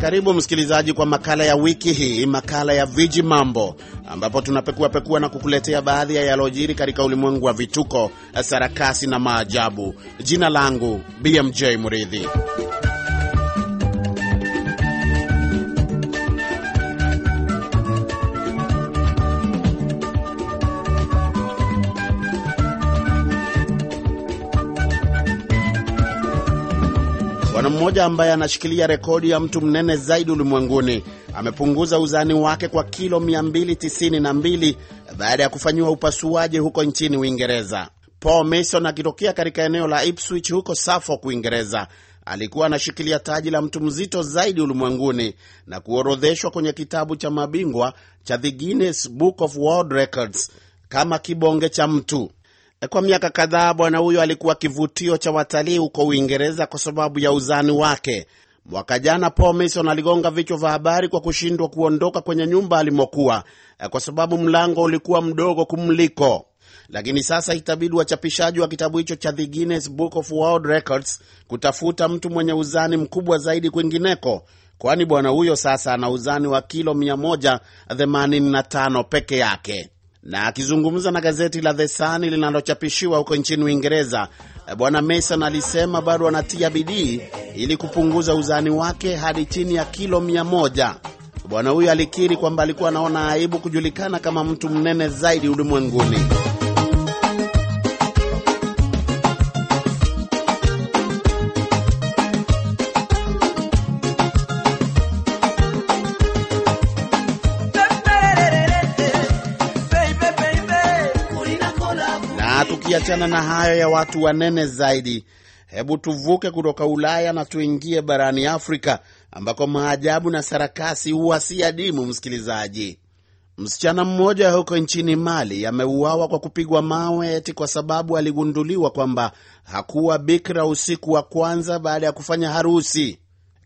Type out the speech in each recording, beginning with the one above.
Karibu msikilizaji kwa makala ya wiki hii, makala ya viji mambo, ambapo tunapekua pekua na kukuletea baadhi ya yalojiri katika ulimwengu wa vituko, sarakasi na maajabu. Jina langu BMJ Muridhi. Bwana mmoja ambaye anashikilia rekodi ya mtu mnene zaidi ulimwenguni amepunguza uzani wake kwa kilo 292 baada ya kufanyiwa upasuaji huko nchini Uingereza. Paul Mason akitokea katika eneo la Ipswich huko Suffolk, Uingereza, alikuwa anashikilia taji la mtu mzito zaidi ulimwenguni na kuorodheshwa kwenye kitabu cha mabingwa cha The Guinness Book of World Records kama kibonge cha mtu. Kwa miaka kadhaa bwana huyo alikuwa kivutio cha watalii huko Uingereza kwa sababu ya uzani wake. Mwaka jana Paul Mason aligonga vichwa vya habari kwa kushindwa kuondoka kwenye nyumba alimokuwa eh, kwa sababu mlango ulikuwa mdogo kumliko. Lakini sasa itabidi wachapishaji wa kitabu hicho cha The Guinness Book of World Records kutafuta mtu mwenye uzani mkubwa zaidi kwingineko, kwani bwana huyo sasa ana uzani wa kilo 185 peke yake. Na akizungumza na gazeti la The Sun linalochapishiwa huko nchini Uingereza, eh, Bwana Mason alisema bado anatia bidii ili kupunguza uzani wake hadi chini ya kilo mia moja. Bwana huyo alikiri kwamba alikuwa anaona aibu kujulikana kama mtu mnene zaidi ulimwenguni. tukiachana na hayo ya watu wanene zaidi, hebu tuvuke kutoka Ulaya na tuingie barani Afrika ambako maajabu na sarakasi huwa si adimu. Msikilizaji, msichana mmoja huko nchini Mali ameuawa kwa kupigwa mawe eti kwa sababu aligunduliwa kwamba hakuwa bikira usiku wa kwanza baada ya kufanya harusi.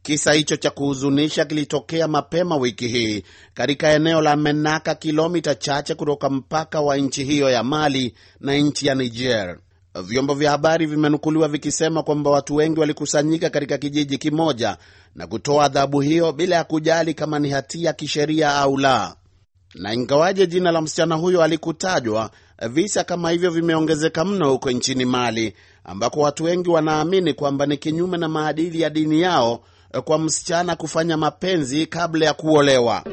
Kisa hicho cha kuhuzunisha kilitokea mapema wiki hii katika eneo la Menaka, kilomita chache kutoka mpaka wa nchi hiyo ya Mali na nchi ya Niger. Vyombo vya habari vimenukuliwa vikisema kwamba watu wengi walikusanyika katika kijiji kimoja na kutoa adhabu hiyo bila ya kujali kama ni hatia kisheria au la. Na ingawaje jina la msichana huyo alikutajwa, visa kama hivyo vimeongezeka mno huko nchini Mali, ambako watu wengi wanaamini kwamba ni kinyume na maadili ya dini yao kwa msichana kufanya mapenzi kabla ya kuolewa.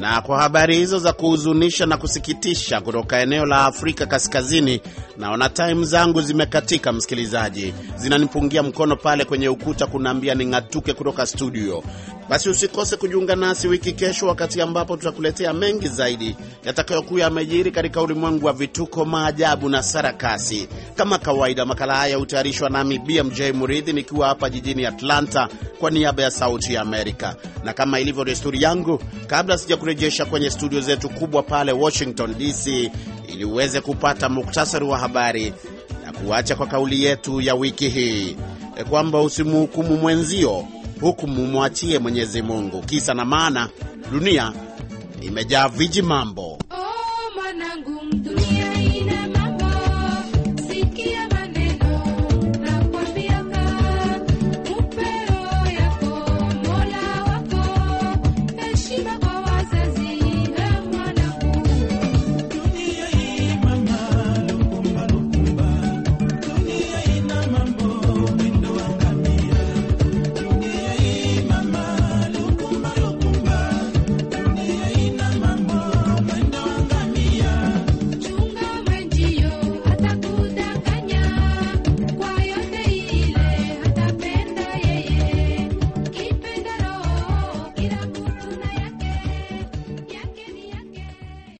Na kwa habari hizo za kuhuzunisha na kusikitisha kutoka eneo la Afrika Kaskazini, naona taimu zangu zimekatika, msikilizaji, zinanipungia mkono pale kwenye ukuta kunaambia ning'atuke kutoka studio. Basi usikose kujiunga nasi wiki kesho, wakati ambapo tutakuletea mengi zaidi yatakayokuwa yamejiri katika ulimwengu wa vituko, maajabu na sarakasi. Kama kawaida, makala haya hutayarishwa nami BMJ Muridhi nikiwa hapa jijini Atlanta kwa niaba ya Sauti ya Amerika, na kama ilivyo desturi yangu, kabla sijaku kurejesha kwenye studio zetu kubwa pale Washington DC ili uweze kupata muktasari wa habari na kuacha kwa kauli yetu ya wiki hii e, kwamba usimhukumu mwenzio, hukumu mwachie Mwenyezi Mungu. Kisa na maana, dunia imejaa viji mambo.